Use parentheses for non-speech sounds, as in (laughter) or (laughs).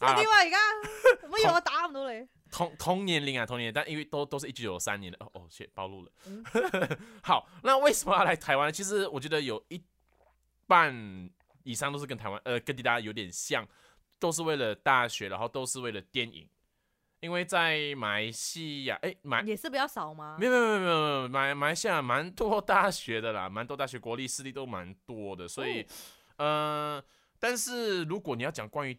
另、啊、外，啊！而家，我以為我打唔到你。同同年齡啊，同年，但因為都都是一九九三年的。哦哦，暴露了。嗯、 (laughs) 好，那為什麼要來台灣？其實我覺得有一半以上都是跟台灣，呃，跟大家有點像，都是為了大學，然後都是為了電影。因為在馬來西亞，誒、欸，馬也是比較少嗎？沒有沒有沒有沒有，馬馬來西亞蠻多大學的啦，蠻多大學國立私立都蠻多的，所以，嗯、哦呃，但是如果你要講關於。